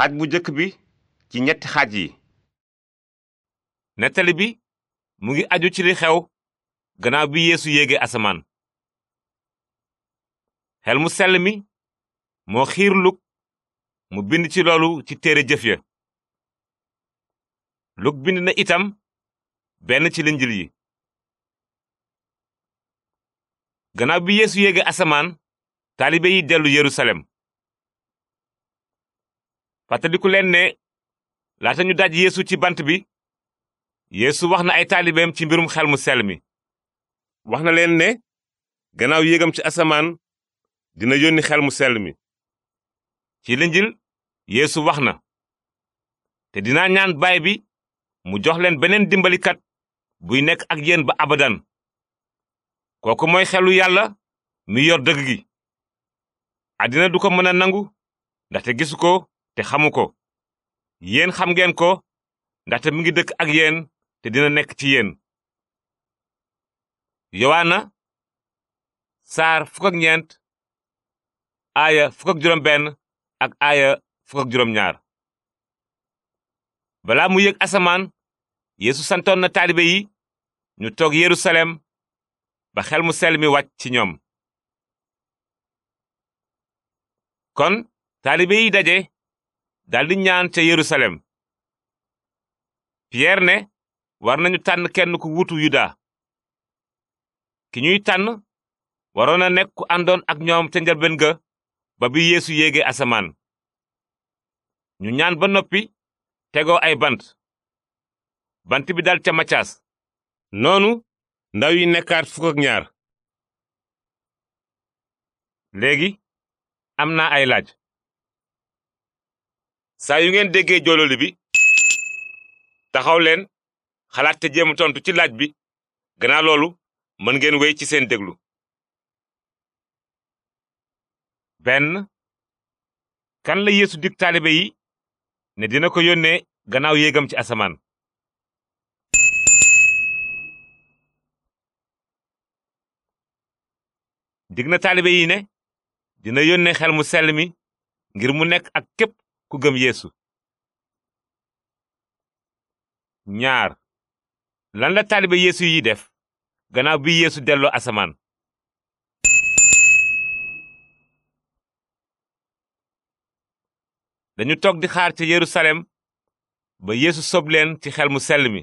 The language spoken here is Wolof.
xaaj bu njëkk bi ci ñetti xaaj yi nettali bi mu ngi aju ci li xew gannaaw bi yeesu yéege asamaan xel mu sell mi moo xiir luk mu bind ci loolu ci téere jëf ya luk bind na itam benn ci linjil yi gannaaw bi yéesu yéege asamaan taalibe yi dellu yerusalem fàttaliku leen ne laata ñu daj yéesu ci bant bi yéesu wax na ay taalibeem ci mbirum xel mu sell mi wax na leen ne gannaaw yéegam ci asamaan dina yónni xel mu sell mi ci linjil yéesu wax na te dinaa ñaan baay bi mu jox leen beneen dimbalikat buy nekk ak yéen ba abadan kooku mooy xelu yàlla mi yor dëgg gi àddina du ko mën a nangu ndaxte gisu ko te xamu ko yéen xam ngeen ko ndaxte mi ngi dëkk ak yéen te dina nekk ci yéen yowaana saar fukk ak ñeent aaya fukk juróom benn ak aaya fukk juróom ñaar balaa mu yëg asamaan yeesu santoon na taalibe yi ñu toog yerusalem ba xel mu sell mi wàcc ci ñoom kon taalibe yi daje daldi ñaan ca yerusalem pierre ne war nañu tànn kenn ku wutu yuda ki ñuy tànn waroon na nekk ku àndoon ak ñoom ca njëlbéen ga ba bi yéesu yéege asamaan ñu ñaan ba noppi tegoo ay bant bant bi dal ca macaas noonu ndaw yi nekkaat fukk ñaar léegi am na ay laaj saa yu ngeen déggee joololi bi taxaw leen xalaat te jéem tontu ci laaj bi ganaaw loolu mën ngeen wéy ci seen déglu. benn kan la yeesu dig taalibe yi dina ko yónnee gannaaw yéegam ci asamaan. dig na taalibe yi ne dina yónnee xel mu sell mi ngir mu nekk ak képp ku gëm yeesu ñaar lan la taalibe yéesu yi def gannaaw bi yéesu delloo asamaan dañu toog di xaar ca yerusalem ba yeesu sob ci xel mu sell mi